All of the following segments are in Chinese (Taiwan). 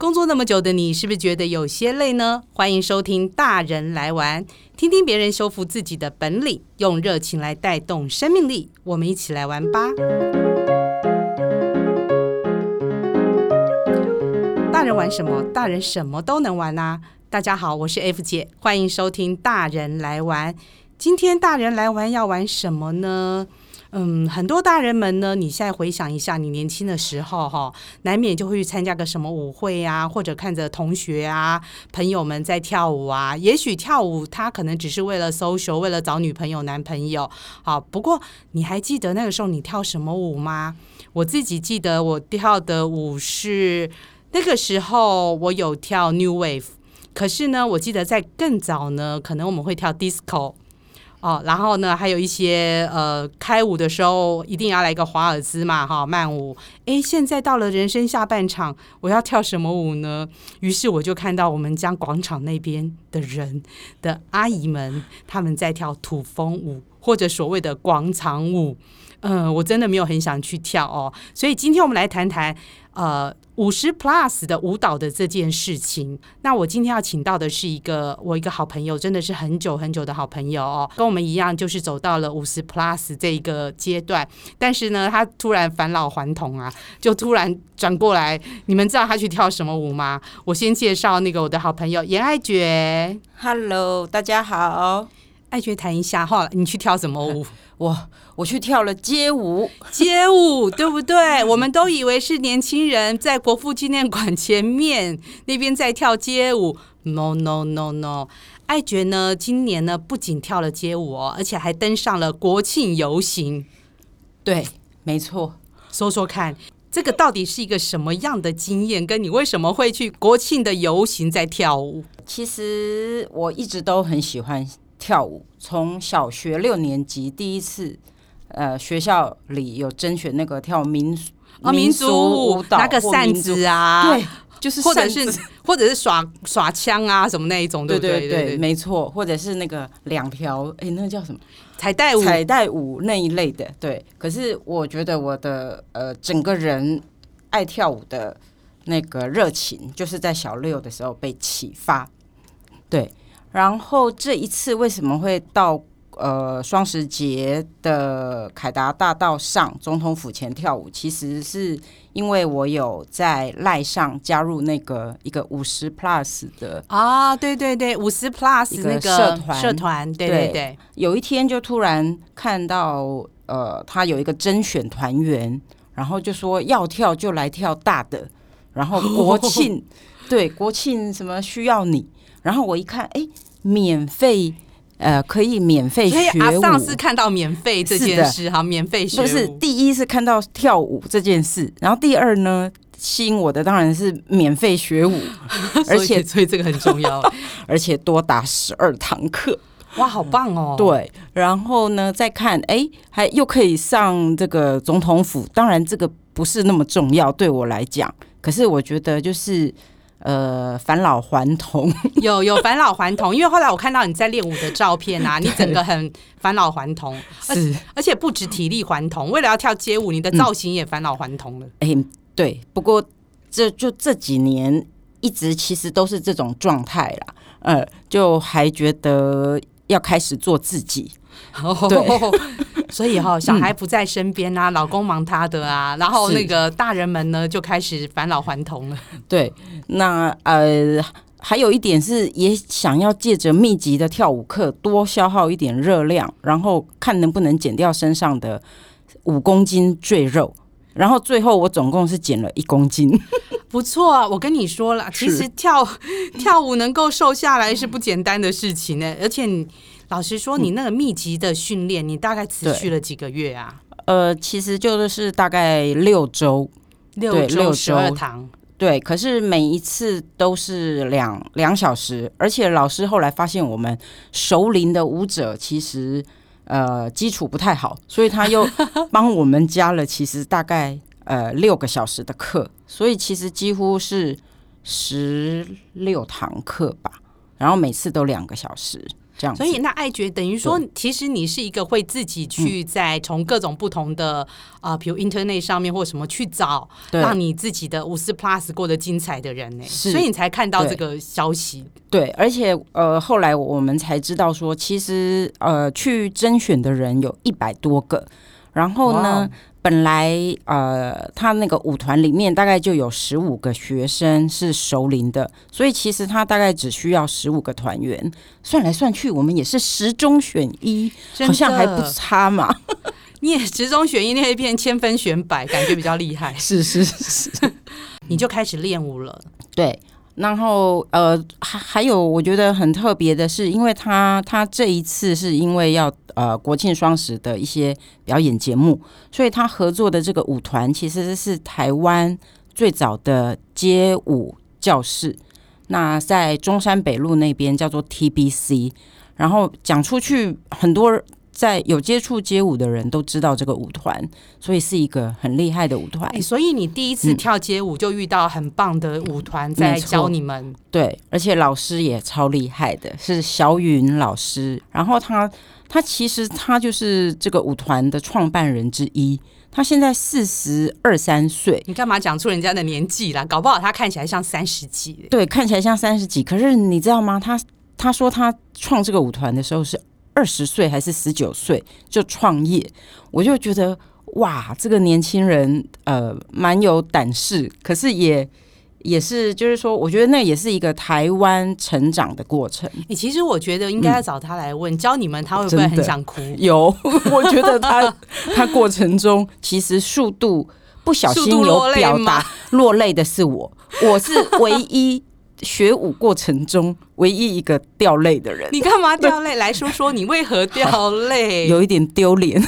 工作那麼久的你，是不是覺得有些累呢？歡迎收聽《大人來玩》，聽聽別人修復自己的本領，用熱情來帶動生命力。我們一起來玩吧！大人玩什麼？大人什麼都能玩吶、啊！大家好，我是 F 姐，歡迎收聽《大人來玩》。今天大人來玩要玩什麼呢？嗯，很多大人們呢，你現在回想一下，你年輕的時候哈、哦，難免就會去參加個什麼舞會啊，或者看着同學啊、朋友們在跳舞啊。也許跳舞，他可能只是為了 social，為了找女朋友、男朋友。好，不過你還記得那個時候你跳什麼舞嗎？我自己記得我跳的舞是那個時候我有跳 New Wave，可是呢，我記得在更早呢，可能我們會跳 Disco。哦，然後呢，還有一些呃，開舞的時候一定要來個華爾茲嘛，哈、哦，慢舞。誒，現在到了人生下半場，我要跳什麼舞呢？於是我就看到我們家廣場那邊的人的阿姨們，她們在跳土風舞或者所謂的廣場舞。嗯、呃，我真的沒有很想去跳哦。所以今天我們來談談呃。五十 plus 的舞蹈的這件事情，那我今天要請到的是一個我一個好朋友，真的是很久很久的好朋友哦，跟我們一樣就是走到了五十 plus 這一個階段，但是呢，他突然返老還童啊，就突然轉過來。你們知道他去跳什麼舞嗎？我先介紹那個我的好朋友嚴愛覺。Hello，大家好。艾玨談一下哈，你去跳什麼舞？嗯、我我去跳了街舞，街舞對不對？ 我們都以為是年輕人在國父紀念館前面那邊在跳街舞。No no no no，艾玨呢？今年呢，不僅跳了街舞哦，而且還登上了國慶遊行。對，沒錯。說說看，這個到底是一個什麼樣的經驗？跟你為什麼會去國慶的遊行在跳舞？其實我一直都很喜歡。跳舞從小學六年級第一次，呃，學校裡有甄選那個跳民、啊、民族舞蹈，拿個扇子啊，對，就是扇子，或者是，或者是耍耍槍啊什麼那一種，對對對，對對對對對對沒錯，或者是那個兩條哎，那個、叫什麼彩帶舞，彩帶舞那一類的，對。可是我覺得我的呃，整個人愛跳舞的那個熱情，就是在小六的時候被啟發，對。然後這一次為什麼會到呃雙十節的凱達大道上總統府前跳舞？其實是因為我有在賴上加入那個一個五十 plus 的啊，對對對，五十 plus 那個社團社團，對對對。有一天就突然看到呃，他有一個甄選團員，然後就說要跳就來跳大的，然後國慶呵呵呵對，國慶什麼需要你。然後我一看，哎，免費，呃，可以免費學，所以阿尚是看到免費這件事哈，免費就是第一是看到跳舞這件事，然後第二呢，吸引我的當然是免費學舞， 而且所以，所以這個很重要， 而且多達十二堂課，哇，好棒哦。嗯，對，然後呢，再看，哎，還又可以上這個總統府，當然這個不是那麼重要，對我來講，可是我覺得就是。呃，返老還童有有返老還童， 因為後來我看到你在練舞的照片啊， 你整個很返老還童，而是而且不止體力還童，為了要跳街舞，你的造型也返老還童了。哎、嗯欸，對，不過這就這幾年一直其實都是這種狀態啦。呃，就還覺得要開始做自己。哦， 所以哈、哦，小孩不在身邊啊、嗯，老公忙他的啊，然後那個大人們呢就開始返老還童了。對，那呃，還有一點是也想要借着密集的跳舞課多消耗一點熱量，然後看能不能減掉身上的五公斤贅肉。然後最後我總共是減了一公斤，不錯啊。我跟你說了，其實跳跳舞能夠瘦下來是不簡單的事情呢、欸，而且你。老師說，你那個密集的訓練，你大概持續了幾個月啊？呃，其實就是大概六周，六周六周十二堂。對，可是每一次都是兩兩小時，而且老師後來發現我們熟齡的舞者其實呃基礎不太好，所以他又幫我們加了其實大概 呃六個小時的課，所以其實幾乎是十六堂課吧，然後每次都兩個小時。所以那愛爵等於說，其實你是一個會自己去在從各種不同的啊，比，嗯呃、如 internet 上面或什麼去找，對讓你自己的五四 plus 過得精彩的人呢。所以你才看到這個消息。對，對而且呃，後來我們才知道說，其實呃，去甄選的人有一百多個，然後呢？Wow 本來呃，他那個舞團裡面大概就有十五個學生是熟齡的，所以其實他大概只需要十五個團員。算來算去，我們也是十中選一，好像還不差嘛。 你也十中選一，那一片千分選百，感覺比較厲害。 是是是，是， 你就開始練舞了。對。然後，呃，還還有，我覺得很特別的是，因為他他這一次是因為要呃國慶雙十的一些表演節目，所以他合作的這個舞團其實是台灣最早的街舞教室，那在中山北路那邊叫做 TBC，然後講出去很多，在有接觸街舞的人都知道這個舞團，所以是一個很厲害的舞團，嗯。所以你第一次跳街舞就遇到很棒的舞團在教你們，嗯，對，而且老師也超厲害的，是小雲老師。然後他他其實他就是這個舞團的創辦人之一。他現在四十二三歲，你幹嘛講出人家的年紀啦？搞不好他看起來像三十幾，欸，對，看起來像三十幾。可是你知道嗎？他他說他創這個舞團的時候是。二十歲還是十九歲就創業，我就覺得哇，這個年輕人呃蠻有膽識。可是也也是，就是說，我覺得那也是一個台灣成長的過程。你其實我覺得應該要找他來問、嗯、教你們，他會不會很想哭？有，我覺得他 他過程中其實速度不小心有表達落淚的是我，我是唯一。 學舞過程中唯一一個掉淚的人，你干嘛掉淚？ 來說說你為何掉淚？有一點丟臉。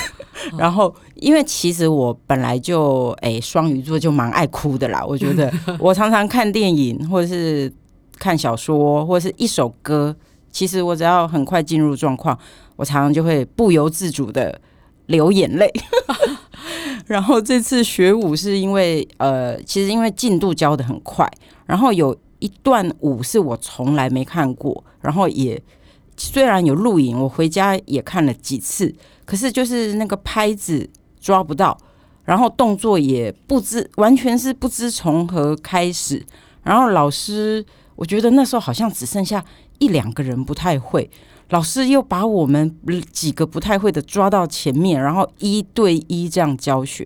哦。然後，因為其實我本來就誒、欸、雙魚座就蠻愛哭的啦。我覺得我常常看電影， 或者是看小說，或者是一首歌，其實我只要很快進入狀況，我常常就會不由自主的流眼淚。哦、 然後這次學舞是因為呃，其實因為進度教得很快，然後有。一段舞是我從來沒看過，然後也雖然有錄影，我回家也看了幾次，可是就是那個拍子抓不到，然後動作也不知，完全是不知從何開始。然後老師，我覺得那時候好像只剩下一兩個人不太會，老師又把我們幾個不太會的抓到前面，然後一對一這樣教學，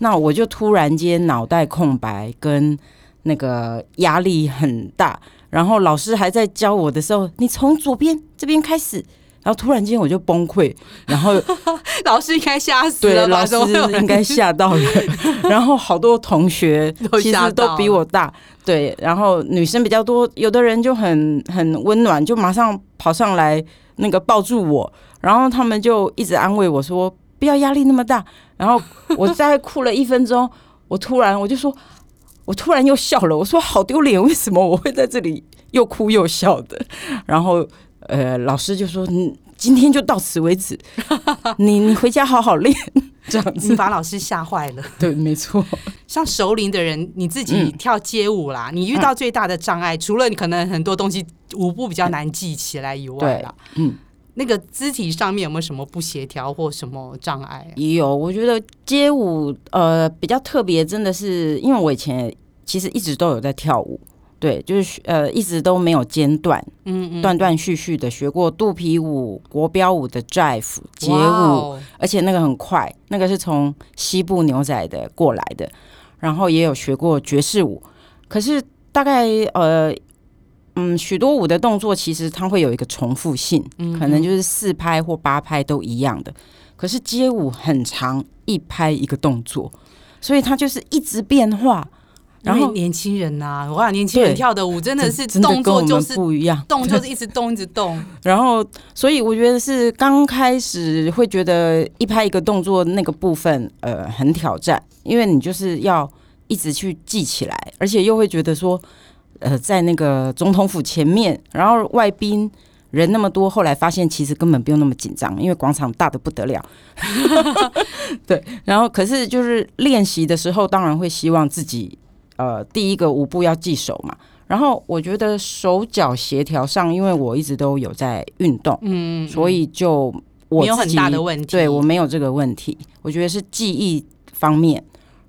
那我就突然間腦袋空白，跟。那個壓力很大，然後老師還在教我的時候，你從左邊這邊開始，然後突然間我就崩潰，然後 老師應該嚇死了，對了，老師應該嚇到了， 然後好多同學其實都比我大，對，然後女生比較多，有的人就很很溫暖，就馬上跑上來那個抱住我，然後他們就一直安慰我說不要壓力那麼大，然後我再哭了一分鐘， 我突然我就說。我突然又笑了，我說好丟臉，為什麼我會在這裡又哭又笑的？然後，呃，老師就說：“你今天就到此為止， 你你回家好好練。”這樣子你把老師嚇壞了。對，沒錯，像熟齡的人，你自己跳街舞啦，嗯、你遇到最大的障礙，嗯、除了你可能很多東西舞步比較難記起來以外啦，嗯，那個肢體上面有沒有什麼不協調或什麼障礙？也有，我覺得街舞呃比較特別，真的是因為我以前。其實一直都有在跳舞，對，就是呃，一直都沒有間斷，嗯嗯，斷斷續續的學過肚皮舞、國標舞的 Jive 捷舞、wow，而且那個很快，那個是從西部牛仔的過來的，然後也有學過爵士舞。可是大概呃，嗯，許多舞的動作其實它會有一個重複性嗯嗯，可能就是四拍或八拍都一樣的。可是街舞很長，一拍一個動作，所以它就是一直變化。然後年輕人吶、啊，哇，年輕人跳的舞真的是動作就是不一樣，動就是一直動一直動。然後，所以我覺得是剛開始會覺得一拍一個動作那個部分，呃，很挑戰，因為你就是要一直去記起來，而且又會覺得說，呃，在那個總統府前面，然後外賓人那麼多，後來發現其實根本不用那麼緊張，因為廣場大的不得了。 對，然後可是就是練習的時候，當然會希望自己。呃，第一個舞步要記手嘛，然後我覺得手腳協調上，因為我一直都有在運動，嗯，所以就我沒有很大的問題。對我沒有這個問題，我覺得是記憶方面。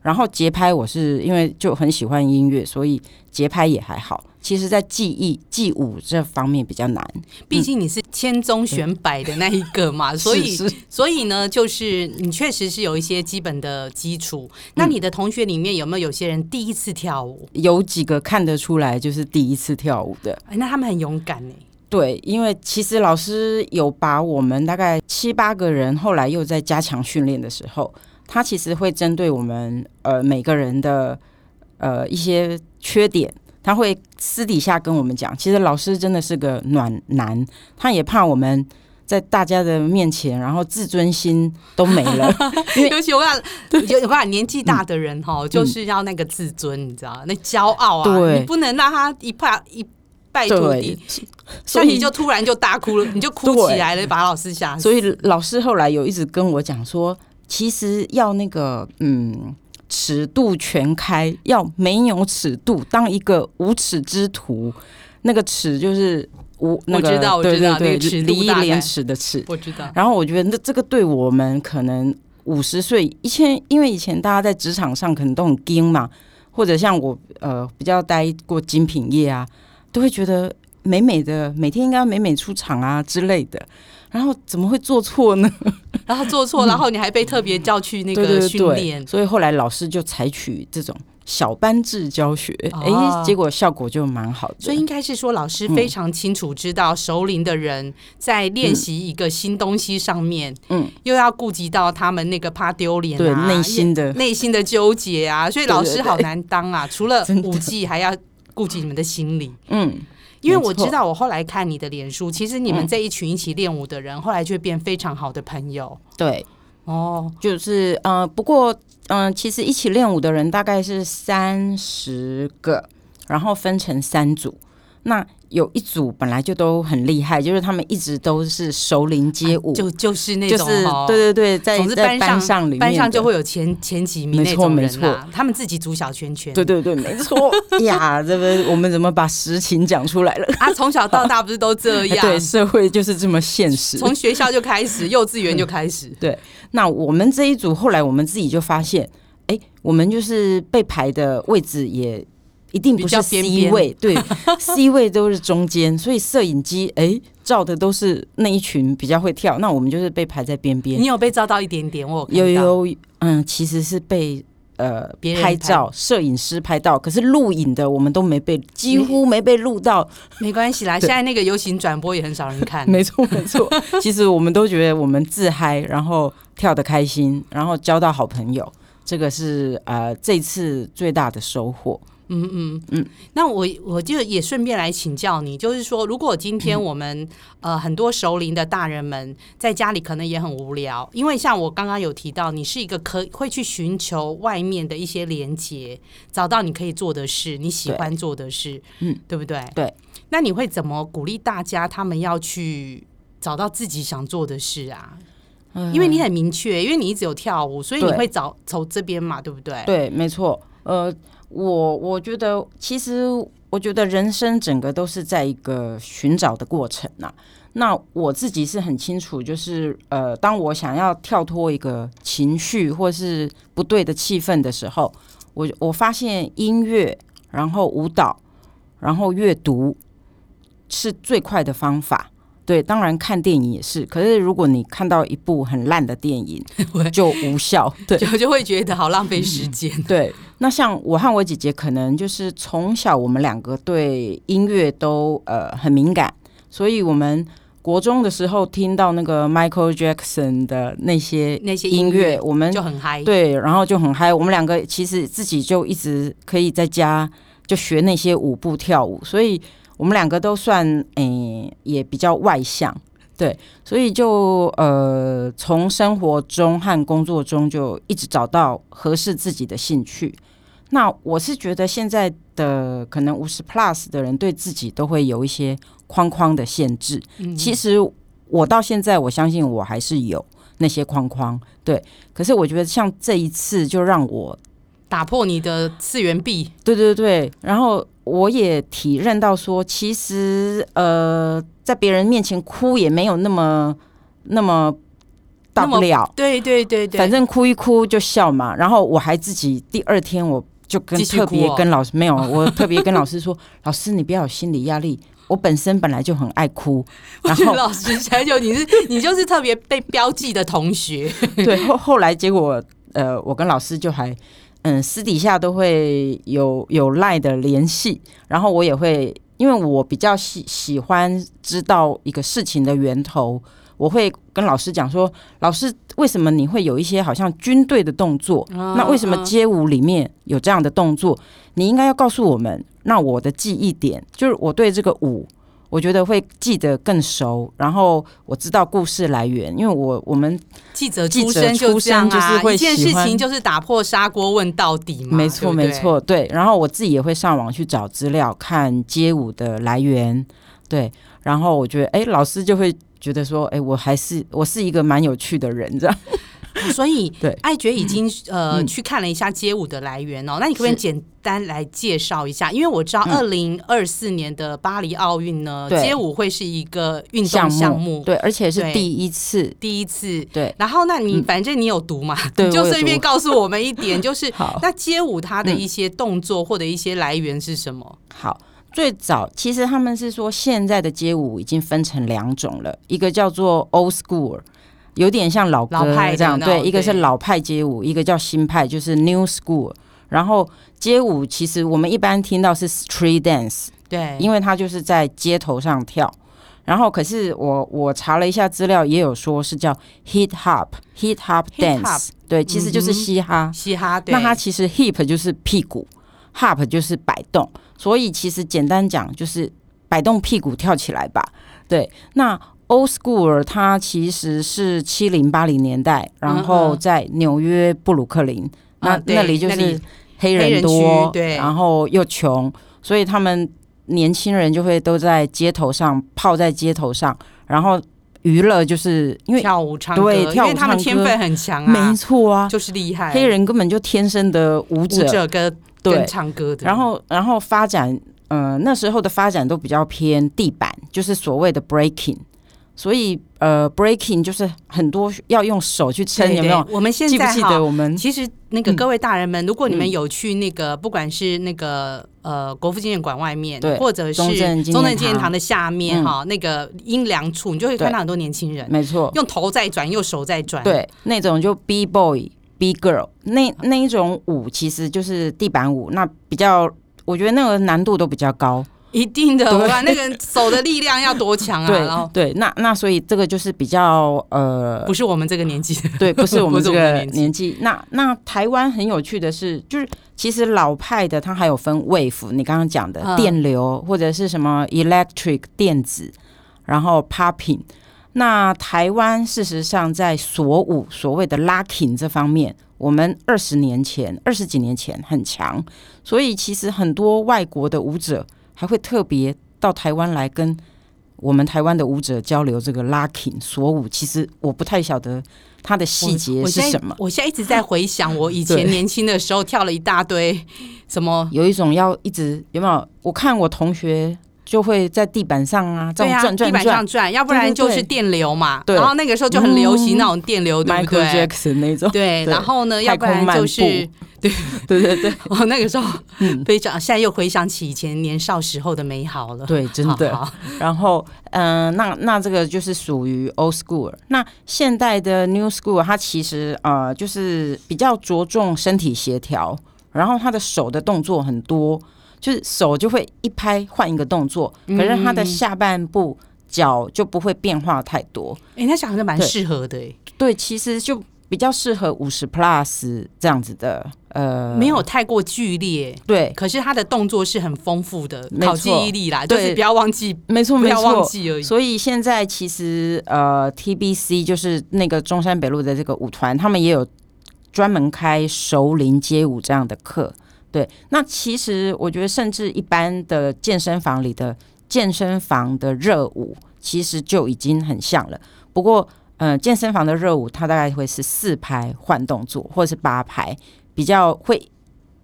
然後節拍我是因為就很喜歡音樂，所以節拍也還好。其實，在記憶、記舞這方面比較難，畢竟你是千中選百的那一個嘛。嗯，所，所以所以呢，就是你確實是有一些基本的基礎。那你的同學裡面有沒有有些人第一次跳舞？嗯。有幾個看得出來就是第一次跳舞的，那他們很勇敢呢。對，因為其實老師有把我們大概七八個人，後來又在加強訓練的時候。他其實會針對我們，呃，每個人的，呃，一些缺點，他會私底下跟我們講。其實老師真的是個暖男，他也怕我們在大家的面前，然後自尊心都沒了。尤其我看，尤其我看年紀大的人哈、喔嗯，就是要那個自尊，你知道，嗯、那驕傲啊，對，你不能讓他一敗、一敗塗地。所以你就突然就大哭了，你就哭起來了，把老師嚇死了。所以老師後來有一直跟我講說。其實要那個嗯，尺度全開，要沒有尺度，當一個無恥之徒，那個“恥”就是無那個，對對對，禮義廉恥的“恥”。我知道。然後我覺得，那這個對我們可能五十歲以前，因為以前大家在職場上可能都很矜嘛，或者像我呃比較待過精品業啊，都會覺得。美美的每天應該要美美出場啊之類的，然後怎麼會做錯呢？然後做錯，嗯、然後你還被特別叫去那個訓練對對對對。所以後來老師就採取這種小班制教學，哎、哦，結果效果就蠻好的。所以應該是說老師非常清楚知道熟齡的人在練習一個新東西上面，嗯，嗯又要顧及到他們那個怕丟臉的、啊、內心的內心的糾結啊，所以老師好難當啊。對對，除了舞技，還要顧及你們的心理，嗯。因為我知道，我後來看你的臉書，其實你們這一群一起練舞的人，後來就會變非常好的朋友。嗯、對，哦，就是嗯、呃，不過嗯、呃，其實一起練舞的人大概是三十個，然後分成三組。那有一組本來就都很厲害，就是他們一直都是熟齡街舞，啊、就就是那種、就是，對對對，在總之班上，在班上裡面，班上就會有前前幾名那種人啦、啊嗯。他們自己組小圈圈。對對對，沒錯。呀、 yeah,，這個我們怎麼把實情講出來了？啊，從小到大不是都這樣？ 對，社會就是這麼現實。從學校就開始，幼稚園就開始、嗯。對，那我們這一組後來我們自己就發現，哎、欸，我們就是被排的位置也。一定不是 C 位，邊邊，對 ，C 位都是中間，所以攝影機哎、欸、照的，都是那一群比較會跳，那我們就是被排在邊邊。你有被照到一點點？我有有，有，嗯，其實是被呃別人拍，拍照攝影師拍到，可是錄影的我們都沒被，幾乎沒被錄到、嗯。 沒關係啦，現在那個遊行轉播也很少人看 沒，沒錯沒錯。 其實我們都覺得我們自嗨，然後跳得開心，然後交到好朋友，這個是呃這次最大的收穫。嗯嗯嗯，那我我就也順便來請教你，就是說，如果今天我們、嗯、呃很多熟齡的大人們在家裡可能也很無聊，因為像我剛剛有提到，你是一個可會去尋求外面的一些連接，找到你可以做的事，你喜歡做的事，嗯，對不對？對。那你會怎麼鼓勵大家他們要去找到自己想做的事啊？嗯，因為你很明確，因為你一直有跳舞，所以你會找走這邊嘛，對不對？對，沒錯。呃。我我覺得，其實我覺得人生整個都是在一個尋找的過程吶。那我自己是很清楚，就是呃，當我想要跳脫一個情緒或是不對的氣氛的時候，我我發現音樂，然後舞蹈，然後閱讀是最快的方法。對，當然看電影也是。可是如果你看到一部很爛的電影， 就無效，對 就就會覺得好浪費時間。 對，那像我和我姐姐，可能就是從小我們兩個對音樂都呃很敏感，所以我們國中的時候聽到那個 Michael Jackson 的那些樂、那些音樂，我們就很嗨。對，然後就很嗨。我們兩個其實自己就一直可以在家就學那些舞步跳舞，所以。我們兩個都算，誒、呃，也比較外向，對，所以就，呃，從生活中和工作中就一直找到合適自己的興趣。那我是覺得現在的可能五十 plus 的人對自己都會有一些框框的限制。嗯，其實我到現在，我相信我還是有那些框框，對。可是我覺得像這一次，就讓我打破你的次元壁。對對對，然後。我也體認到說，其實呃，在別人面前哭也沒有那麼那麼大不了。對對對對，反正哭一哭就笑嘛。然後我還自己第二天我就跟、哦、特別跟老師沒有，哦、我特別跟老師說：“ 老師，你不要有心理壓力。我本身本來就很愛哭。”然後我覺得老師想說你是 你就是特別被標記的同學。 對，後後來結果呃，我跟老師就還。嗯，私底下都會有有賴的聯繫，然後我也會，因為我比較喜喜歡知道一個事情的源頭，我會跟老師講說，老師為什麼你會有一些好像軍隊的動作？哦，那為什麼街舞裡面有這樣的動作？哦，你應該要告訴我們。那我的記憶點就是我對這個舞。我覺得會記得更熟，然後我知道故事來源，因為我我們記者出身，出身就是會喜歡就這樣、啊、一件事情，就是打破砂鍋問到底嘛。沒錯對對，沒錯，對。然後我自己也會上網去找資料，看街舞的來源。對，然後我覺得，哎，老師就會覺得說，哎，我還是我是一個蠻有趣的人這樣。嗯、所以，對艾玨已經呃、嗯、去看了一下街舞的來源哦。那你可不可以簡單來介紹一下？因為我知道二零二四年的巴黎奧運呢、嗯，街舞會是一個運動項目，項目對，而且是第一次，第一次。對。然後，那你、嗯、反正你有讀嘛？對， 你就是順便告訴我們一點， 就是好、嗯、那街舞它的一些動作或者一些來源是什麼？好，最早其實他們是說，現在的街舞已經分成兩種了，一個叫做 Old School。有點像老歌老派這樣，這樣對，對，一個是老派街舞，一個叫新派，就是 New School。然後街舞其實我們一般聽到是 Street Dance，對，因為它就是在街頭上跳。然後可是我我查了一下資料，也有說是叫 Hip Hop，Hip Hop Dance，-hop, 對，其實就是嘻哈，嗯嗯，是，嘻哈。對。那它其實 Hip 就是屁股，Hop 就是擺動，所以其實簡單講就是擺動屁股跳起來吧。對，那。Old school，他其實是七零八零年代，然後在紐約布魯克林，嗯嗯那、啊、那裡就是黑人多，人對，然後又窮，所以他們年輕人就會都在街頭上泡在街頭上，然後娛樂就是因為跳舞唱歌，對，跳舞唱歌，因為他們天分很強啊，沒錯啊，就是厲害，黑人根本就天生的舞者，舞者跟對跟唱歌的，然後然後發展，嗯、呃，那時候的發展都比較偏地板，就是所謂的 breaking。所以，呃，breaking 就是很多要用手去撐，有沒有？我們現在哈，記記得我們其實那個各位大人們，嗯、如果你們有去那個，嗯、不管是那個呃國父紀念館外面，對，或者是中正紀念堂、堂的下面哈、嗯，那個陰涼處，你就會看到很多年輕人，沒錯，用頭在轉，用手在轉，對，那種就 B boy B girl 那那一種舞，其實就是地板舞，那比較我覺得那個難度都比較高。一定的，哇，那個人手的力量要多強啊！ 對對，那那所以這個就是比較呃，不是我們這個年紀。對，不是我們這個年紀。 年紀那那台灣很有趣的是，就是其實老派的它還有分 wave，你剛剛講的、嗯、電流或者是什麼 electric 電子，然後 popping。那台灣事實上在鎖舞所謂的 locking 這方面，我們二十年前、二十幾年前很強，所以其實很多外國的舞者。還會特別到台灣來跟我們台灣的舞者交流這個 locking 鎖舞，其實我不太曉得它的細節是什麼，我我。我現在一直在回想我以前年輕的時候跳了一大堆什麼， 有一種要一直有沒有？我看我同學。就會在地板上啊，這轉轉，轉、啊、地板上轉，要不然就是電流嘛。對對對，然後那個時候就很流行那種電流，對，對，對、嗯、Michael Jackson 那種對，對。然後呢，要不然就是對，對對對對。那個時候非常、嗯，現在又回想起以前年少時候的美好了。對，真的。好好，然後，嗯、呃，那那這個就是屬於 old school。那現代的 new school，它其實呃，就是比較着重身體協調，然後他的手的動作很多。就是手就會一拍換一個動作、嗯，可是他的下半部腳就不會變化太多。哎、嗯欸，那小孩蠻適合的、欸、對，對，其實就比較適合五十 plus 這樣子的，呃，沒有太過劇烈。對，可是他的動作是很豐富的沒錯，考記憶力啦，就是、對不要忘記，沒錯，不要忘記而已。所以現在其實呃，TBC 就是那個中山北路的這個舞團，他們也有專門開熟齡街舞這樣的課。對，那其實我覺得，甚至一般的健身房裡的健身房的熱舞，其實就已經很像了。不過，呃，健身房的熱舞它大概會是四拍換動作，或是八拍，比較會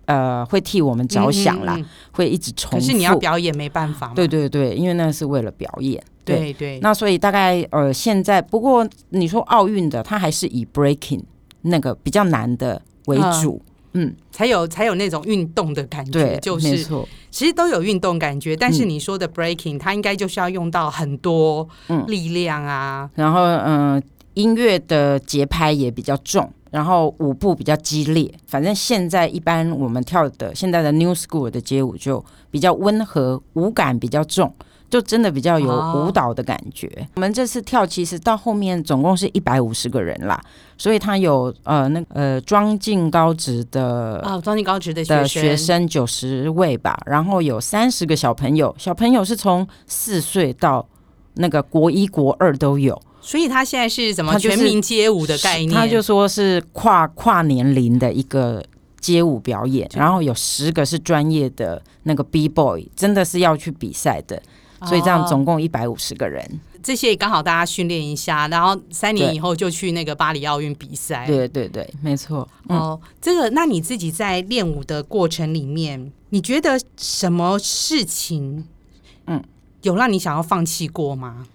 呃會替我們着想啦、嗯，會一直重複。可是你要表演沒辦法。對對對，因為那是為了表演。對對，對。那所以大概呃，現在不過你說奧運的，它還是以 breaking 那個比較難的為主。呃嗯，才有才有那種運動的感覺，就是，其實都有運動感覺，但是你說的 breaking，嗯，它應該就是要用到很多力量啊。嗯，然後嗯，音樂的節拍也比較重，然後舞步比較激烈。反正現在一般我們跳的現在的 new school 的街舞就比較溫和，舞感比較重。就真的比較有舞蹈的感覺。Oh. 我們這次跳其實到後面總共是一百五十個人啦，所以他有呃那呃莊敬高職的哦，莊、oh, 敬高職的學生九十位吧，然後有三十個小朋友，小朋友是從四歲到那個國一國二都有，所以他現在是什麼、就是、全民街舞的概念？他就是說是跨跨年齡的一個街舞表演，然後有十個是專業的那個 B boy，真的是要去比賽的。所以這樣總共一百五十個人，哦、這些剛好大家訓練一下，然後三年以後就去那個巴黎奧運比賽。對,對對對，沒錯、嗯。哦，這個那你自己在練舞的過程裡面，你覺得什麼事情，嗯，有讓你想要放棄過嗎？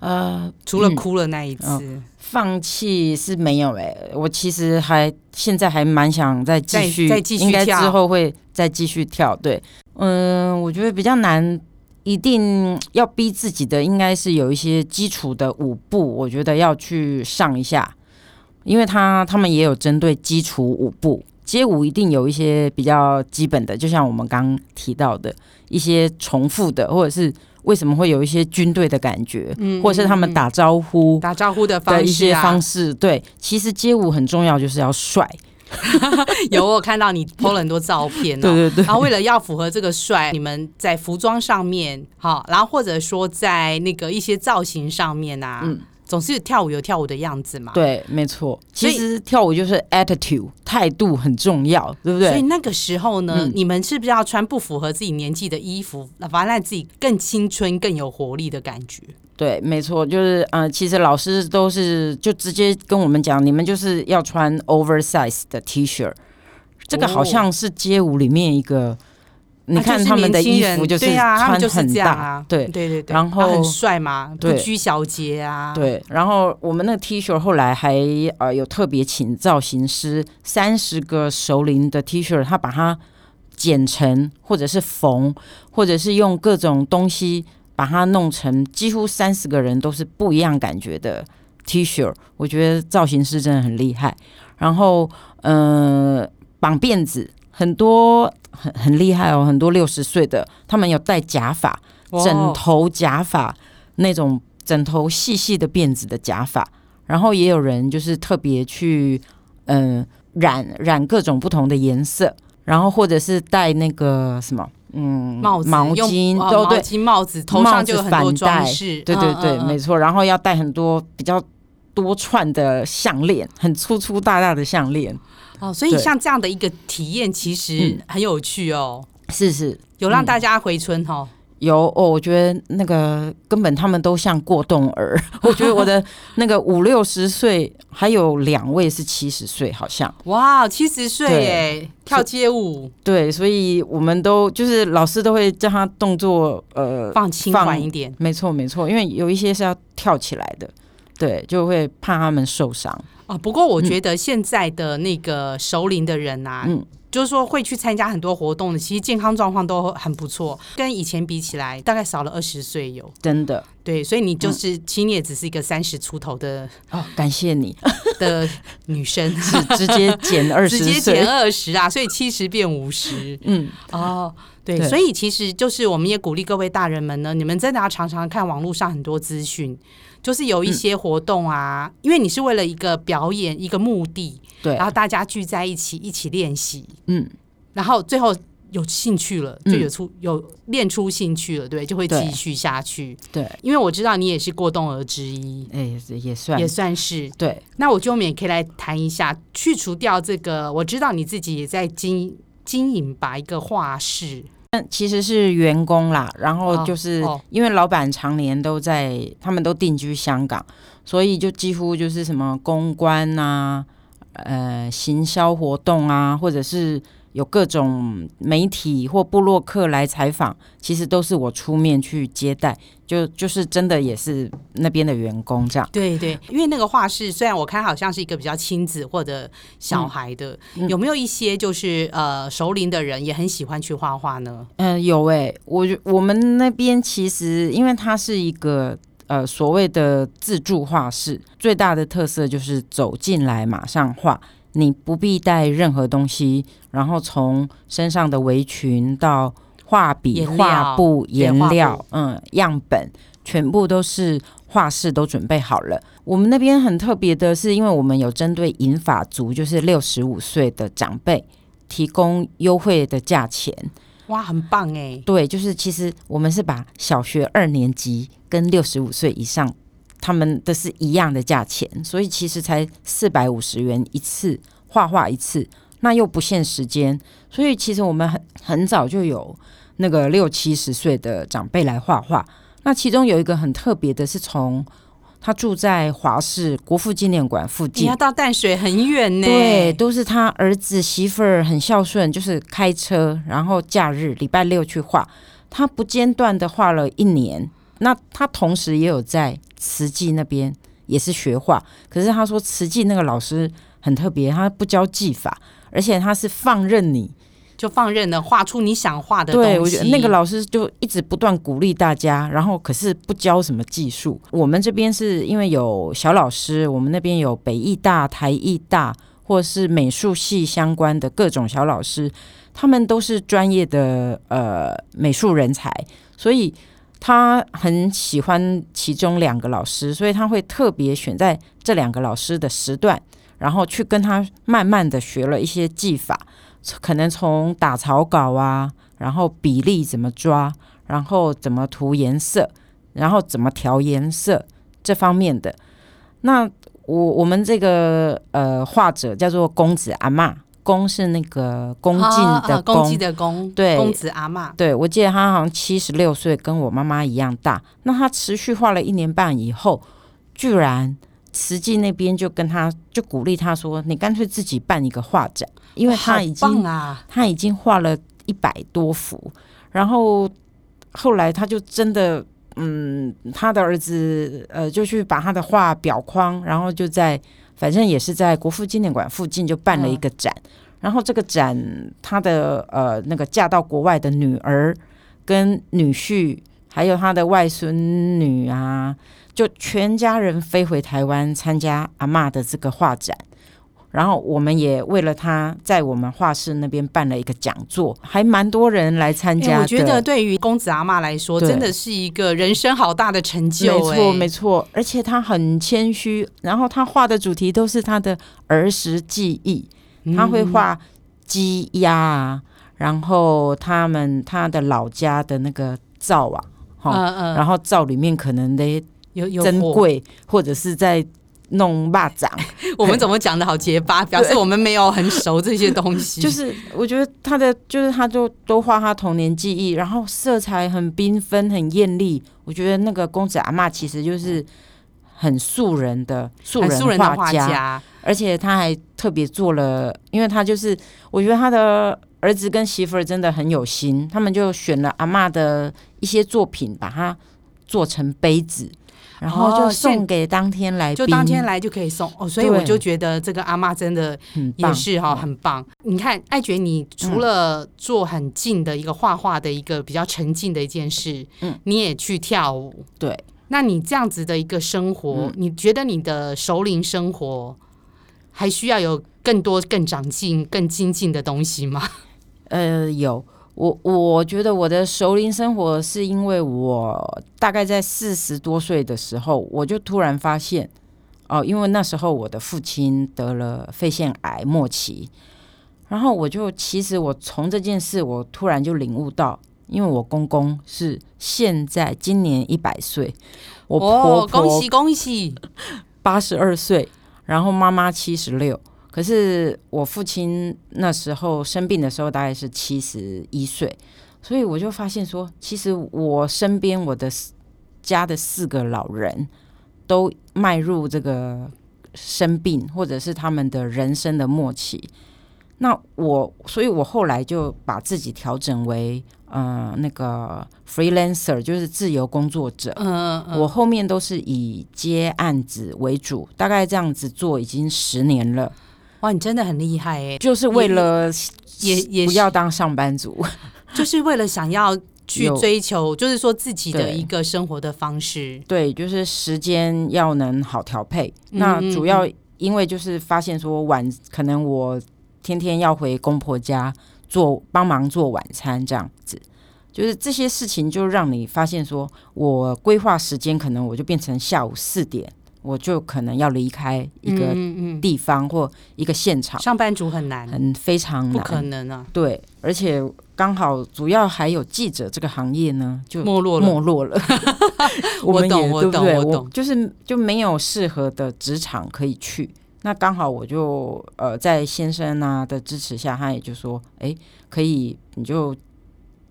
呃、嗯嗯，除了哭了那一次，嗯哦、放棄是沒有哎、欸。我其實還現在還蠻想再繼續再繼續跳，應該之後會再繼續跳。對，嗯，我覺得比較難。一定要逼自己的，應該是有一些基礎的舞步，我覺得要去上一下，因為他他們也有針對基礎舞步，街舞一定有一些比較基本的，就像我們剛提到的一些重複的，或者是為什麼會有一些軍隊的感覺，嗯，嗯，嗯，嗯，或者是他們打招呼打招呼的方式，一些方式，對，其實街舞很重要，就是要帥。 有我看到你拍了很多照片，啊， 對對對。然後為了要符合這個帥，你們在服裝上面好，然後或者說在那個一些造型上面啊，嗯、總是跳舞有跳舞的樣子嘛。對，沒錯。其實跳舞就是 attitude 態度很重要，對不對？所以那個時候呢，嗯、你們是不是要穿不符合自己年紀的衣服，反而讓自己更青春、更有活力的感覺？對，沒錯，就是嗯、呃，其實老師都是就直接跟我們講，你們就是要穿 oversize 的 T 恤，這個好像是街舞裡面一個、哦，你看他們的衣服就是穿很大，對對對對，然後很帥嘛，對，不拘小節啊，對。然後我們那個 T 恤後來還呃有特別請造型師，三十個熟齡的 T 恤，他把它剪成或者是縫，或者是用各種東西。把它弄成幾乎三十個人都是不一樣感覺的 T 恤，我覺得造型師真的很厲害。然後，嗯、呃，綁辮子很多很很厲害哦，很多六十歲的他們有戴假髮，整頭假髮、哦、那種整頭細細的辮子的假髮。然後也有人就是特別去嗯、呃、染染各種不同的顏色，然後或者是戴那個什麼。嗯，帽子、毛巾、啊、毛巾帽子，頭上就有很多裝飾，對對對，嗯嗯嗯沒錯。然後要戴很多比較多串的項鏈，很粗粗大大的項鏈。哦，所以像這樣的一個體驗其實很有趣哦、嗯，是是，有讓大家回春哈、哦。嗯有哦，我覺得那個根本他們都像過動兒 我覺得我的那個五六十歲，還有兩位是七十歲，好像哇，七十歲耶，跳街舞，對，所以我們都就是老師都會叫他動作呃放輕緩一點，沒錯沒錯，因為有一些是要跳起來的，對，就會怕他們受傷啊。不過我覺得現在的那個熟齡的人啊，嗯。嗯就是說，會去參加很多活動的，其實健康狀況都很不錯，跟以前比起來，大概少了二十歲有。真的。對，所以你就是，其你也只是一個三十出頭的哦，嗯。感謝你的女生， 直接減二十，直接減二十啊！所以七十變五十，嗯，哦、oh,，對，所以其實就是我們也鼓勵各位大人們呢，你們真的要常常看網絡上很多資訊，就是有一些活動啊，嗯，因為你是為了一個表演，一個目的，對，然後大家聚在一起一起練習，嗯，然後最後，有興趣了，就有出、嗯、有練出興趣了，對，就會繼續下去對。對，因為我知道你也是過動兒之一，哎、欸，也算也算是對。那我就我們也可以來談一下，去除掉這個。我知道你自己也在經經營吧一個畫室，但其實是員工啦。然後就是、哦哦、因為老闆常年都在，他們都定居香港，所以就幾乎就是什麼公關啊，呃，行銷活動啊，或者是。有各種媒體，或部落客來採訪，其實都是我出面去接待，就就是真的也是那邊的員工這樣。對對，因為那個畫室雖然我看好像是一個比較親子或者小孩的，嗯、有沒有一些就是、嗯、呃熟齡的人也很喜歡去畫畫呢？嗯，有誒、欸，我我們那邊其實因為它是一個呃所謂的自助畫室，最大的特色就是走進來馬上畫，你不必帶任何東西。然後從身上的圍裙到畫筆、畫布、顏料，嗯，樣本全部都是畫室都準備好了。我們那邊很特別的是，因為我們有針對銀髮族，就是六十五歲的長輩，提供優惠的價錢。哇，很棒哎！對，就是其實我們是把小學二年級跟六十五歲以上他們都是一樣的價錢，所以其實才四百五十元一次，畫畫一次。那又不限時間，所以其實我們很很早就有那個六七十歲的長輩來畫畫。那其中有一個很特別的是，從他住在華氏國父紀念館附近，你要到淡水很遠呢、欸。對，都是他兒子媳婦兒很孝順，就是開車，然後假日禮拜六去畫。他不間斷地畫了一年。那他同時也有在慈濟那邊也是學畫，可是他說慈濟那個老師很特別，他不教技法。而且他是放任你，就放任的畫出你想畫的東西。對，我覺得那個老師就一直不斷鼓勵大家，然後可是不教什麼技術。我們這邊是因為有小老師，我們那邊有北藝大、台藝大，或是美術系相關的各種小老師，他們都是專業的呃美術人才，所以他很喜歡其中兩個老師，所以他會特別選在這兩個老師的時段。然後去跟他慢慢的學了一些技法，可能從打草稿啊，然後比例怎麼抓，然後怎麼塗顏色，然後怎麼調顏色這方面的。那我我們這個呃畫者叫做公子阿嬤，公是那個恭敬的恭、啊啊、對，公子阿嬤，對我記得他好像七十六歲，跟我媽媽一樣大。那他持續畫了一年半以後，居然。慈濟那邊就跟他，就鼓勵他說：“你乾脆自己辦一個畫展，因為他已經、啊、他已經畫了一百多幅。”然後後來他就真的，嗯，他的兒子呃就去把他的畫裱框，然後就在反正也是在國父紀念館附近就辦了一個展。嗯、然後這個展，他的呃那個嫁到國外的女兒跟女婿，還有他的外孫女啊。就全家人飛回台灣參加阿嬤的這個畫展，然後我們也為了他在我們畫室那邊辦了一個講座，還蠻多人來參加、欸。我覺得對於公子阿嬤來說，真的是一個人生好大的成就、欸。沒錯，沒錯，而且他很謙虛，然後他畫的主題都是他的兒時記憶，嗯、他會畫雞鴨啊，然後他們他的老家的那個灶啊，哈、嗯嗯，然後灶裡面可能得。有，有珍貴，或者是在弄螞蚱。 我們怎麼講得好結巴，表示我們沒有很熟這些東西。 就是我覺得他的，就是他就都畫他童年記憶，然後色彩很繽紛，很豔麗。我覺得那個公子阿嬤其實就是很素人的素人畫家，家，而且他還特別做了，因為他就是我覺得他的兒子跟媳婦真的很有心，他們就選了阿嬤的一些作品，把它做成杯子。然後就送給當天來賓、哦、就當天來就可以送哦，所以我就覺得這個阿嬤真的也是哈、嗯，很棒。你看，艾玨你除了做很靜的一個畫畫的一個比較沉靜的一件事，嗯，你也去跳舞，對、嗯。那你這樣子的一個生活，你覺得你的熟齡生活還需要有更多更長進、更精進的東西嗎？呃，有。我我覺得我的熟齡生活是因為我大概在四十多歲的時候，我就突然發現，哦，因為那時候我的父親得了肺腺癌末期，然後我就其實我從這件事我突然就領悟到，因為我公公是現在今年一百歲，我婆婆恭喜恭喜八十二歲，然後媽媽七十六。可是我父親那時候生病的時候，大概是七十一歲，所以我就發現說，其實我身邊我的家的四個老人都邁入這個生病，或者是他們的人生的末期。那我，所以我後來就把自己調整為，呃，那個 freelancer，就是自由工作者。嗯嗯嗯。我後面都是以接案子為主，大概這樣子做已經十年了。哇，你真的很厲害哎！就是為了也也，也不要當上班族，就是為了想要去追求，就是說自己的一個生活的方式。對，就是時間要能好調配。嗯嗯嗯。那主要因為就是發現說晚，可能我天天要回公婆家做幫忙做晚餐這樣子，就是這些事情就讓你發現說，我規劃時間可能我就變成下午四點。我就可能要離開一個地方或一個現場，上班族很難，很、嗯、非常難，不可能啊。對，而且剛好主要還有記者這個行業呢，就沒落了，沒落了。 我懂， 我我懂對對，我懂，我懂。就是就沒有適合的職場可以去。那剛好我就呃，在先生呢、啊、的支持下，他也就說，哎、欸，可以你就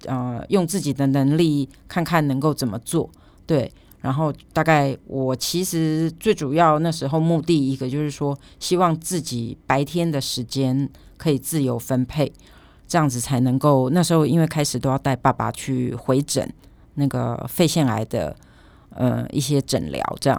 呃用自己的能力看看能夠怎麼做，對。然後大概我其實最主要那時候目的一個就是說，希望自己白天的時間可以自由分配，這樣子才能夠。那時候因為開始都要帶爸爸去回診那個肺腺癌的呃一些診療，這樣。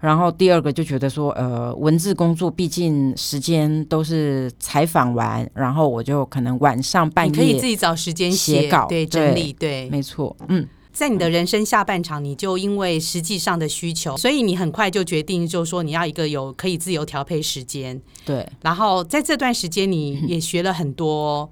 然後第二個就覺得說，呃，文字工作畢竟時間都是採訪完，然後我就可能晚上半夜可以自己找時間寫稿，對整理對，對，沒錯，嗯。在你的人生下半場，你就因為實際上的需求，所以你很快就決定，就是說你要一個有可以自由調配時間。對。然後在這段時間，你也學了很多，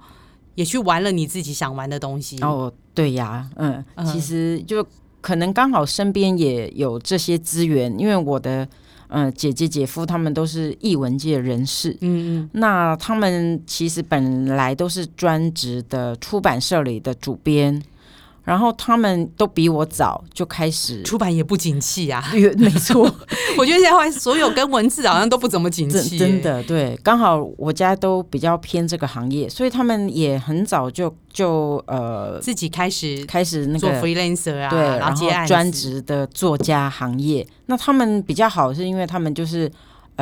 也去玩了你自己想玩的東西。哦，對呀，嗯，嗯，其實就可能剛好身邊也有這些資源，因為我的嗯姐姐、姐夫他們都是藝文界人士。嗯嗯。那他們其實本來都是專職的出版社裡的主編。然後他們都比我早就開始出版，也不景氣啊。沒錯 我覺得現在所有跟文字好像都不怎麼景氣 真，真的對，剛好我家都比較偏這個行業，所以他們也很早就就呃自己開始開始那個做 freelancer 啊，對，然後專職的作家行業。啊、那他們比較好，是因為他們就是。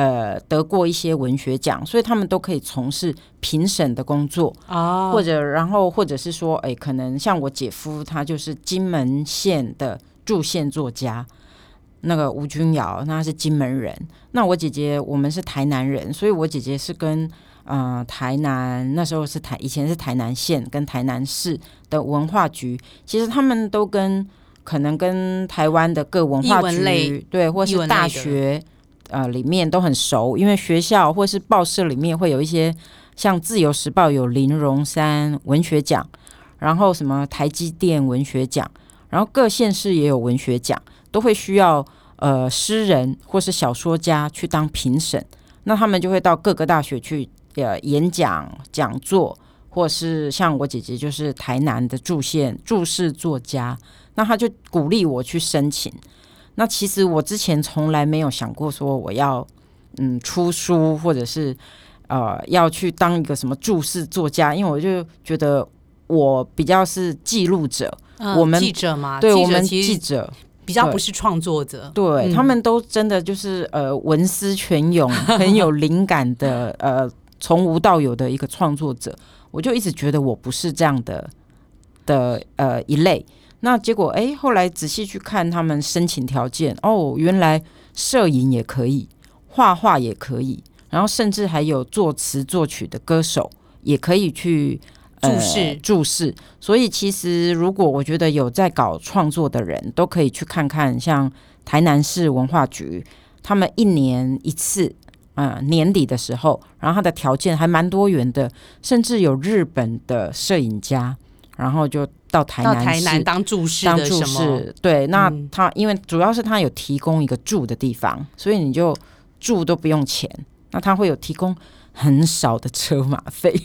呃，得過一些文學獎，所以他們都可以從事評審的工作啊。Oh. 或者，然後或者是說，哎，可能像我姐夫，他就是金門縣的駐縣作家，那個吳君堯，那他是金門人。那我姐姐，我們是台南人，所以我姐姐是跟呃台南那時候是台以前是台南縣跟台南市的文化局，其實他們都跟可能跟台灣的各文化局文對，或是大學，呃，裡面都很熟，因為學校或是報社裡面會有一些，像《自由時報》有林榮三文學獎，然後什麼台積電文學獎，然後各縣市也有文學獎，都會需要呃詩人或是小說家去當評審，那他們就會到各個大學去呃演講、講座，或是像我姐姐就是台南的駐縣駐市作家，那他就鼓勵我去申請。那其實我之前從來沒有想過說我要嗯出書或者是呃要去當一個什麼著述作家，因為我就覺得我比較是記錄者、嗯，我們記者嘛，對，我們記者比較不是創作者，對，對、嗯、他們都真的就是呃文思泉湧，很有靈感的 呃從無到有的一個創作者，我就一直覺得我不是這樣的的呃一類。那結果，哎，後來仔細去看他們申請條件，哦，原來攝影也可以，畫畫也可以，然後甚至還有作詞作曲的歌手也可以去駐市。駐市、呃。所以其實，如果我覺得有在搞創作的人都可以去看看，像台南市文化局，他們一年一次，啊、呃，年底的時候，然後他的條件還蠻多元的，甚至有日本的攝影家，然後就。到台南，台南當住室的當住室，對，那他因為主要是他有提供一個住的地方、嗯，所以你就住都不用錢。那他會有提供很少的車馬費，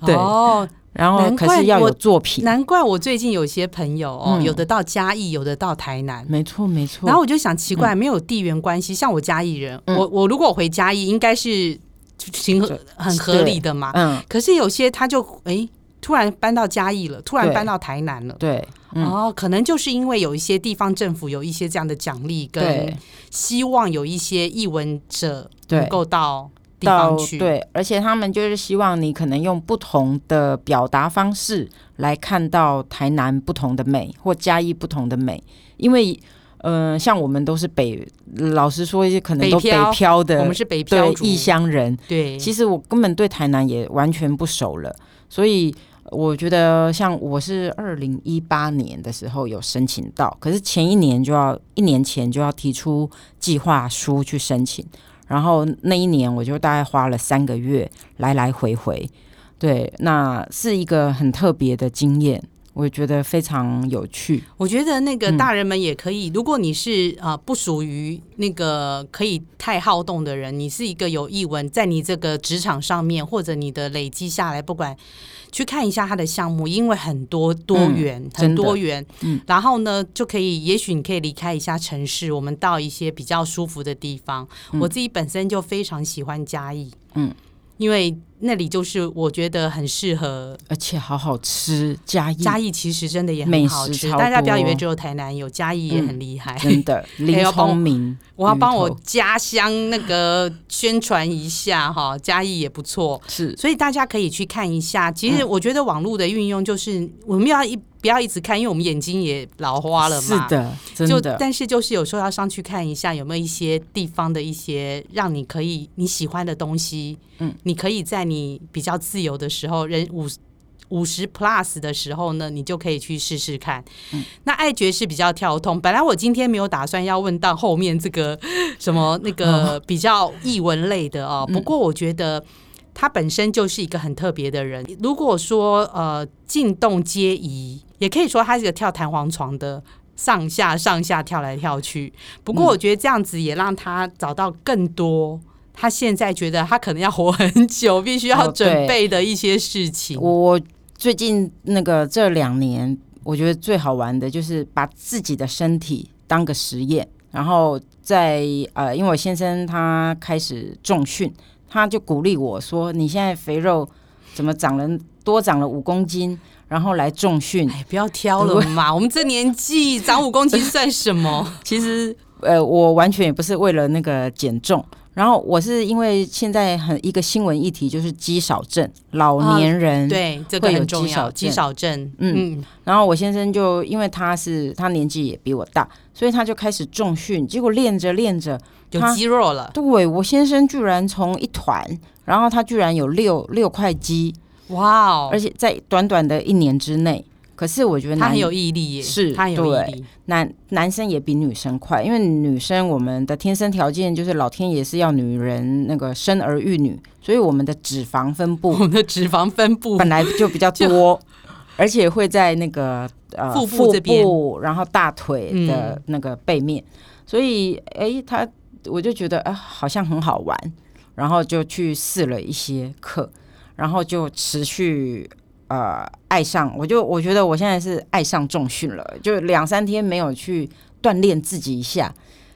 哦、 對。哦，然後可是要有作品，難怪我，難怪我最近有些朋友哦，嗯、有的到嘉義，有的到台南，沒錯沒錯。然後我就想奇怪、嗯，沒有地緣關係，像我嘉義人，嗯、我我如果回嘉義，應該是行，很合理的嘛。嗯，可是有些他就哎。誒突然搬到嘉義了，突然搬到台南了。對，對、嗯，哦，可能就是因為有一些地方政府有一些這樣的獎勵，跟希望有一些藝文者能夠到地方去對。對，而且他們就是希望你可能用不同的表達方式來看到台南不同的美，或嘉義不同的美。因為，嗯、呃，像我們都是北，老實說，一些可能都北漂的，我們是北漂，異鄉人。對，其實我根本對台南也完全不熟了，所以。我覺得像我是二零一八年的時候有申請到，可是前一年就要，一年前就要提出計劃書去申請，然後那一年我就大概花了三個月來來回回，對，那是一個很特別的經驗。我覺得非常有趣。我覺得那個大人們也可以，嗯、如果你是呃不屬於那個可以太好動的人，你是一個有藝文，在你這個職場上面或者你的累積下來，不管去看一下他的項目，因為很多多元，嗯、很多元，然後呢，嗯、就可以，也許你可以離開一下城市，我們到一些比較舒服的地方。嗯、我自己本身就非常喜歡嘉義，嗯，因為。那裡就是我覺得很適合，而且好好吃。嘉義嘉義其實真的也很好吃。大家不要以為只有台南有，嘉義也很厲害，嗯，真的。還 要幫明，我要幫我家鄉那個宣傳一下哈，嘉義也不錯。是，所以大家可以去看一下。其實我覺得網絡的運用就是、嗯、我們要一不要一直看，因為我們眼睛也老花了嘛。是的，真的，就，但是就是有時候要上去看一下有沒有一些地方的一些讓你可以你喜歡的東西。嗯，你可以在。你比較自由的時候，人五五十 plus 的時候呢，你就可以去試試看。嗯、那艾玨是比較跳動，本來我今天沒有打算要問到後面這個什麼那個比較藝文類的哦、嗯。不過我覺得他本身就是一個很特別的人。如果說呃靜動皆宜，也可以說他是個跳彈簧床的，上下上下跳來跳去。不過我覺得這樣子也讓他找到更多。他現在覺得他可能要活很久，必須要準備的一些事情。哦。我最近那個這兩年，我覺得最好玩的就是把自己的身體當個實驗，然後在呃，因為我先生他開始重訓，他就鼓勵我說：“你現在肥肉怎麼長了多長了五公斤？”然後來重訓，哎，不要挑了嘛，我，我，我們這年紀長五公斤算什麼？ 其實呃，我完全也不是為了那個減重。然後我是因為現在很一個新聞議題就是肌少症，老年人、啊、對這個很重要、會有肌少症、肌少症，嗯，然後我先生就因為他是他年紀也比我大，所以他就開始重訓，結果練着練着就肌肉了。對，我先生居然從一團，然後他居然有六六塊肌，哇、哦，而且在短短的一年之內。可是我覺得他很有毅力耶，是，他有毅力，對，男男生也比女生快，因為女生我們的天生條件就是老天爺是要女人那個生兒育女，所以我們的脂肪分布，我們的脂肪分布本來就比較多，而且會在那個呃腹部，這邊，腹部，然後大腿的那個背面，嗯、所以哎、欸，他我就覺得啊、呃，好像很好玩，然後就去試了一些課，然後就持續。呃，愛上我就我覺得我現在是愛上重訓了，就兩三天沒有去鍛鍊自己一下，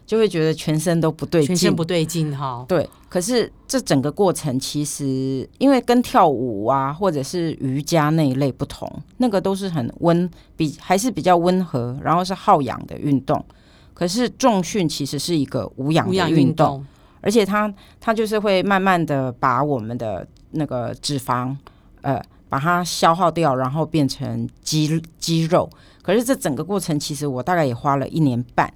就會覺得全身都不對勁，全身不對勁哈。對、嗯，可是這整個過程其實因為跟跳舞啊或者是瑜伽那一類不同，那個都是很溫比還是比較溫和，然後是耗氧的運動。可是重訓其實是一個無氧的運動，無氧運動，而且它它就是會慢慢的把我們的那個脂肪呃。把它消耗掉，然後變成肌肌肉。可是這整個過程，其實我大概也花了一年半。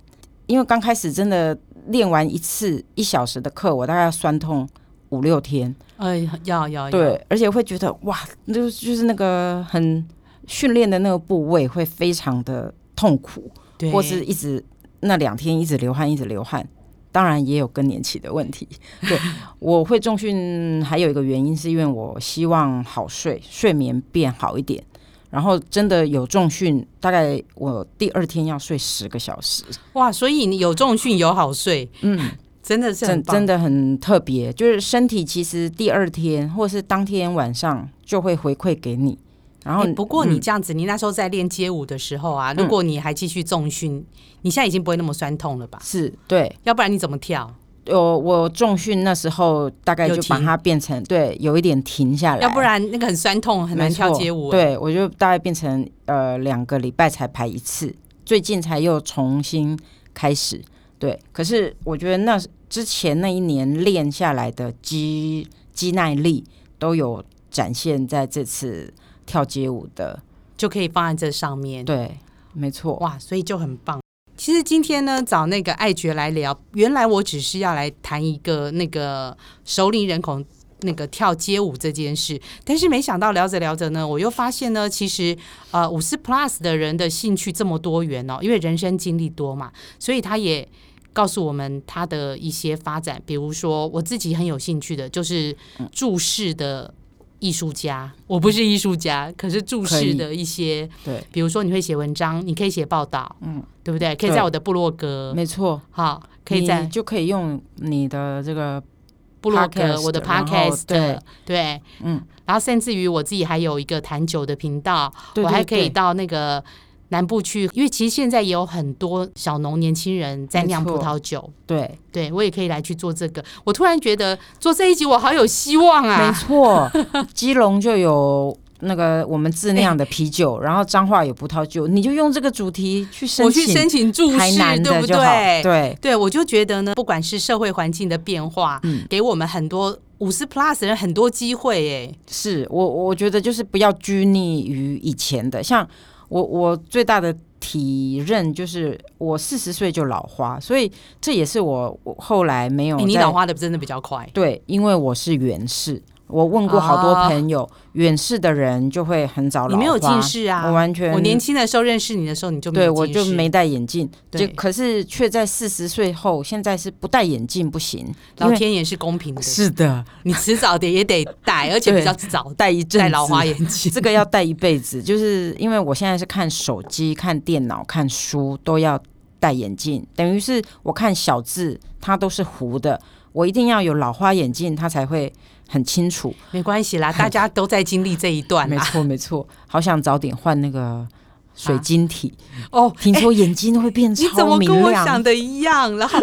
因為剛開始真的練完一次一小時的課，我大概要酸痛五六天。哎，要要要，對，而且會覺得哇，就就是那個很訓練的那個部位會非常的痛苦，對，或是一直那兩天一直流汗，一直流汗。當然也有更年期的問題，對，我會重訓還有一個原因 是因為我希望好睡，睡眠變好一點。然後真的有重訓，大概我第二天要睡十個小時，哇！所以你有重訓有好睡，嗯，真的是很、嗯、真的真的很特別，就是身體其實第二天或是當天晚上就會回饋給你。然後、欸，不過你這樣子、嗯，你那時候在練街舞的時候啊，如果你還繼續重訓、嗯，你現在已經不會那麼酸痛了吧？是，對，要不然你怎麼跳？我、呃、我重訓那時候大概就把它變成對，有一點停下來，要不然那個很酸痛，很難跳街舞。對，我就大概變成呃兩個禮拜才排一次，最近才又重新開始。對，可是我覺得那之前那一年練下來的肌肌耐力都有展現在這次。跳街舞的就可以放在這上面，對，沒錯，哇，所以就很棒。其實今天呢，找那個艾玨來聊，原來我只是要來談一個那個熟齡人口那個跳街舞這件事，但是沒想到聊着聊着呢，我又發現呢，其實呃五十 plus 的人的興趣這麼多元哦，因為人生經歷多嘛，所以他也告訴我們他的一些發展，比如說我自己很有興趣的就是注視的。藝術家，我不是藝術家，嗯，可是注視的一些，對，比如說你會寫文章，你可以寫報道，嗯，對不對？可以在我的部落格，沒錯，好，可以在就可以用你的這個部落格，我的 podcast，對，對，嗯，然後甚至於我自己還有一個談酒的頻道，對對對對，我還可以到那個。南部去，因為其實現在也有很多小農年輕人在釀葡萄酒。對，對我也可以來去做這個。我突然覺得做這一集我好有希望啊！沒錯，基隆就有那個我們自釀的啤酒，哎、然後彰化有葡萄酒，你就用這個主題去申請，我去申請注釋，對不對？對，對我就覺得呢，不管是社會環境的變化，嗯、給我們很多五十 plus 人很多機會、欸。哎，是我我覺得就是不要拘泥於以前的，像。我我最大的體認就是我四十歲就老花，所以這也是我後來沒有、欸。你老花的真的比較快。對，因為我是遠視。我問過好多朋友，哦，遠視的人就會很早老花。你沒有近視啊？我完全。我年輕的時候認識你的時候，你就沒有，對，我就沒戴眼鏡。對，就可是卻在四十歲後，現在是不戴眼鏡不行。老天爺是公平的。是的，你遲早的也得戴， 而且比較早戴一陣老花眼鏡，這個要戴一輩子。就是因為我現在是看手機、看電腦、看書都要戴眼鏡，等於是我看小字，它都是糊的。我一定要有老花眼鏡，它才會很清楚。沒關係啦，大家都在經歷這一段。沒錯，沒錯。好想早點換那個水晶體、啊、哦、欸。聽說眼睛會變超明亮。你怎麼跟我想的一樣？ 然後，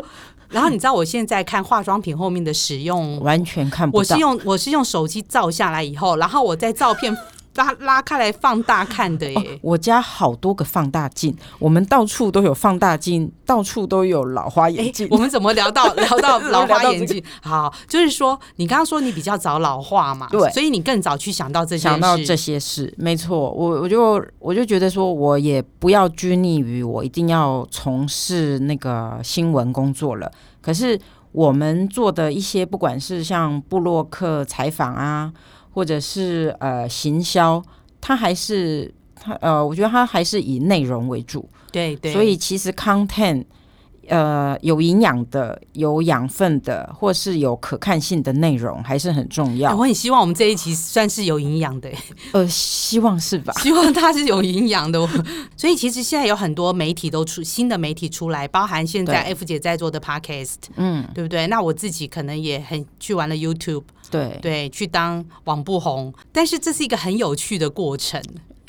然後你知道我現在看化妝品後面的使用 完全看不到。我是用我是用手機照下來以後，然後我在照片。拉拉開來放大看的耶！哦、我家好多個放大鏡，我們到處都有放大鏡，到處都有老花眼鏡、欸。我們怎麼聊到聊到老花眼鏡？ 好，就是說你剛剛說你比較早老化嘛，對，所以你更早去想到這些，想到這些事，沒錯。我我就我就覺得說，我也不要拘泥於我，我一定要從事那個新聞工作了。可是我們做的一些，不管是像部落客採訪啊。或者是呃、行銷。它還是它呃，我覺得它還是以內容為主，對對，所以其實 content。呃，有營養的、有養分的，或是有可看性的內容，還是很重要。欸、我很希望我們這一期算是有營養的，呃，希望是吧？希望它是有營養的。 所以其實現在有很多媒體都出新的媒體出來，包含現在 F 姐在做的 Podcast，嗯，對不對？那我自己可能也很去玩了 YouTube，對對，去當網不紅，但是這是一個很有趣的過程，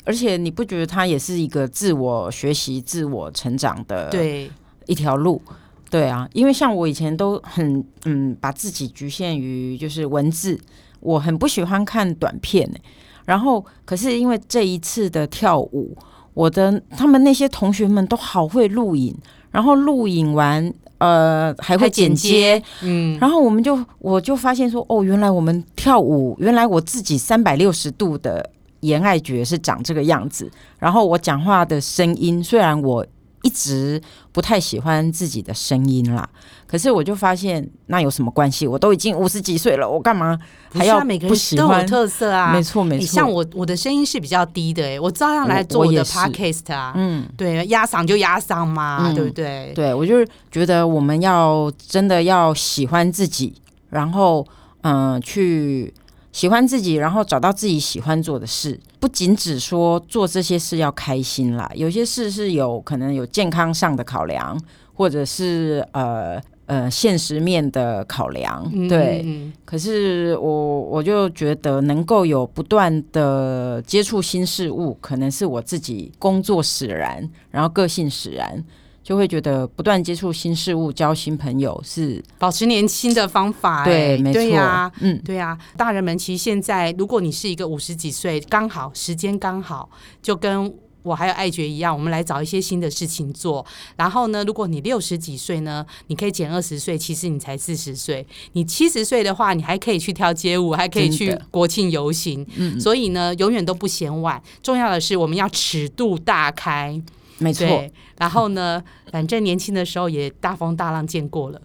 而且你不覺得它也是一個自我學習、自我成長的？對。一條路，對啊，因為像我以前都很嗯，把自己局限於就是文字，我很不喜歡看短片，欸，然後可是因為這一次的跳舞，我的他們那些同學們都好會錄影，然後錄影完呃還會剪接、還剪接，嗯，然後我們就我就發現說，哦，原來我們跳舞，原來我自己三百六十度的顏艾玨，是長這個樣子，然後我講話的聲音雖然我。一直不太喜歡自己的聲音啦，可是我就發現那有什麼關係？我都已經五十幾歲了，我幹嘛還要，啊？每個人都有特色啊，沒錯沒錯。你像我，我的聲音是比較低的，哎，我照樣來做我的 podcast 啊，嗯，對，壓嗓就壓嗓嘛，嗯，對不對？對，我就是覺得我們要真的要喜歡自己，然後嗯，呃，去喜歡自己，然後找到自己喜歡做的事。不僅止說做這些事要開心啦，有些事是有可能有健康上的考量，或者是呃呃現實面的考量，對。嗯嗯嗯。可是我我就覺得能夠有不斷的接觸新事物，可能是我自己工作使然，然後個性使然。就會覺得不斷接觸新事物、交新朋友是保持年輕的方法、欸。對，沒錯，對啊、嗯，對啊，大人們其實現在，如果你是一個五十幾歲，剛好時間剛好，就跟我還有艾玨一樣，我們來找一些新的事情做。然後呢，如果你六十幾歲呢，你可以減二十歲，其實你才四十歲。你七十歲的話，你還可以去跳街舞，還可以去國慶遊行。嗯嗯。所以呢，永遠都不嫌晚。重要的是，我們要尺度大開。沒錯，對，然後呢， 反正年輕的時候也大風大浪見過了，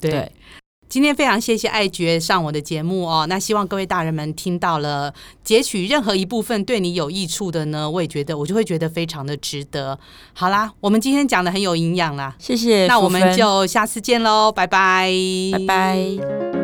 對。對，今天非常謝謝艾玨上我的節目哦，那希望各位大人們聽到了，截取任何一部分對你有益處的呢，我也覺得，我就會覺得非常的值得。好啦，我們今天講得很有營養啦，謝謝。那我們就下次見嘍，拜拜，拜拜。